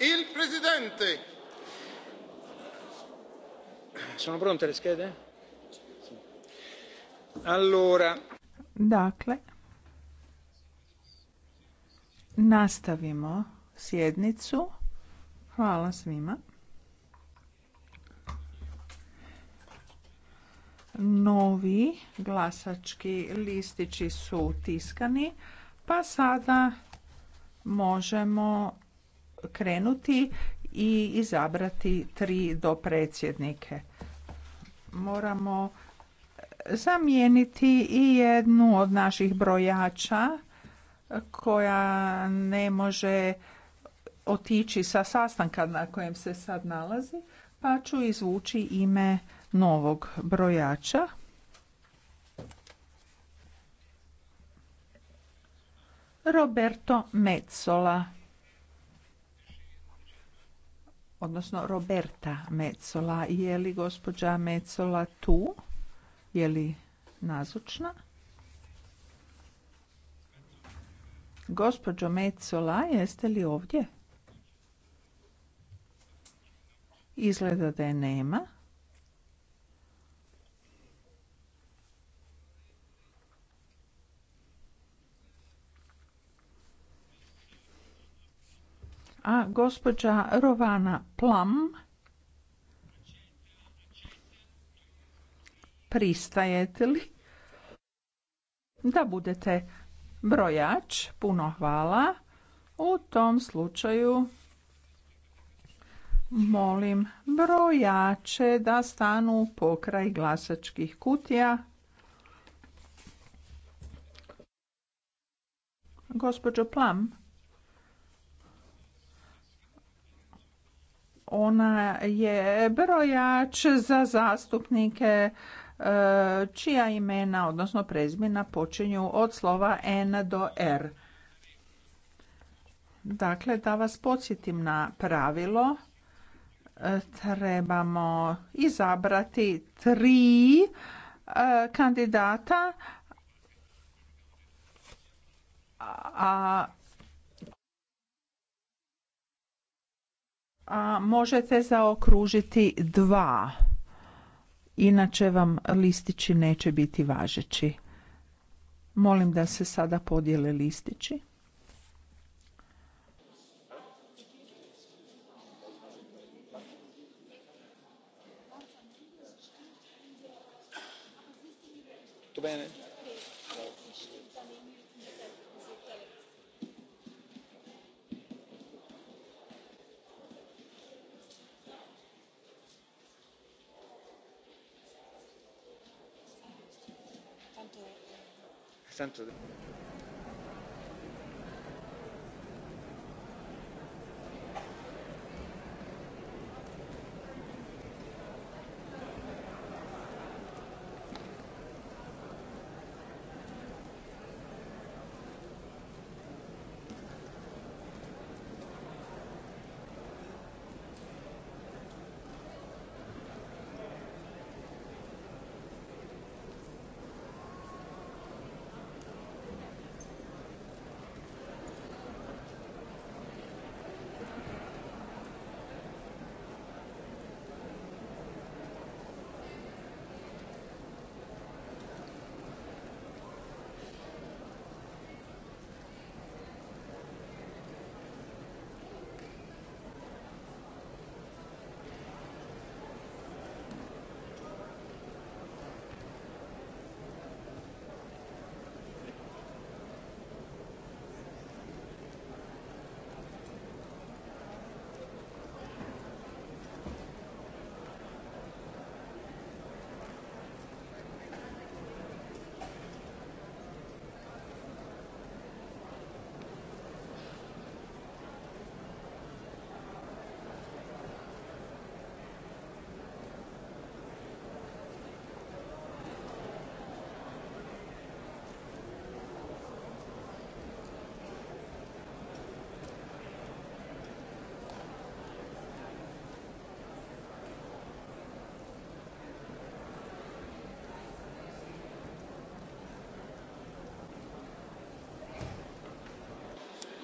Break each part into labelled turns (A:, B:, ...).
A: il presidente sono pronte le schede allora dakle nastavimo sjednicu hvala svima novi glasački listići su tiskani pa sada možemo krenuti i izabrati tri predsjednike. Moramo zamijeniti i jednu od naših brojača koja ne može otići sa sastanka na kojem se sad nalazi, pa ću izvući ime novog brojača. Roberto Mezzola odnosno Roberta Mecola. Je li gospođa Mecola tu? Je li nazočna? Gospođo Mecola, jeste li ovdje? Izgleda da je nema. a gospođa Rovana Plam pristajete li da budete brojač? Puno hvala. U tom slučaju molim brojače da stanu pokraj glasačkih kutija. Gospođo Plam, Ona je brojač za zastupnike e, čija imena, odnosno prezimena, počinju od slova N do R. Dakle, da vas podsjetim na pravilo, e, trebamo izabrati tri e, kandidata, a a možete zaokružiti dva. Inače vam listići neće biti važeći. Molim da se sada podijele listići. extent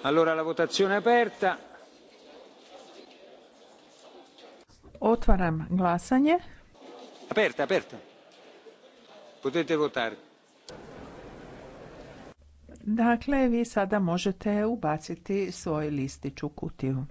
A: Allora la votazione aperta. Otvaram glasanje. Aperta, aperta.
B: Potete votare.
A: Dakle, vi sada možete ubaciti svoj listić u kutiju.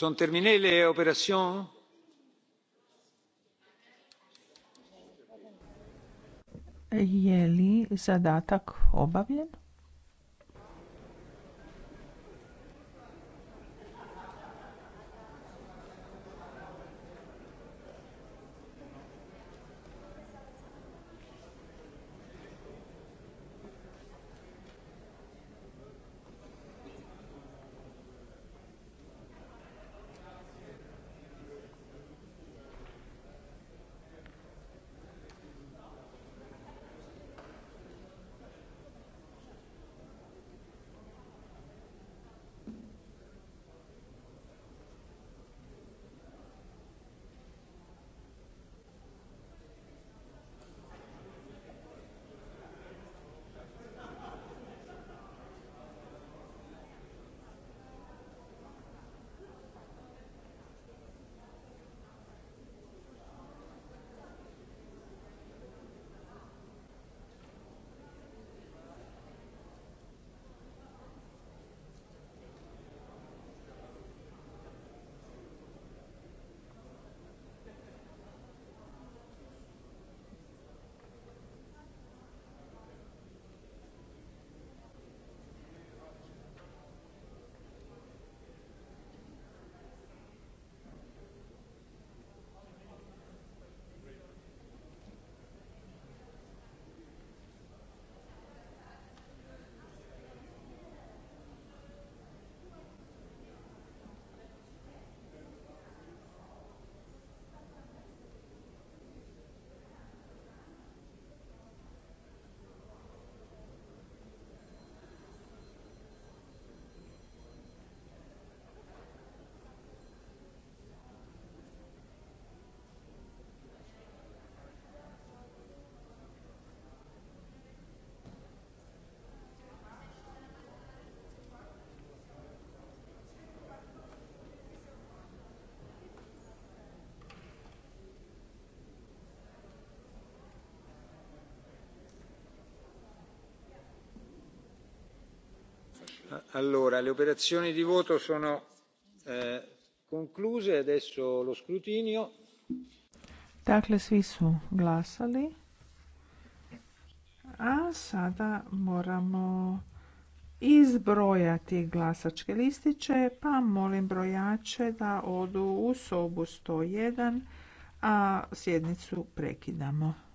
A: sont terminées les opérations? je li zadatak obavljen? allora le operazioni di voto sono eh, concluse adesso lo scrutinio dakle svi su glasali a sada moramo izbrojati glasačke listiće pa molim brojače da odu u sobu 101 a sjednicu prekidamo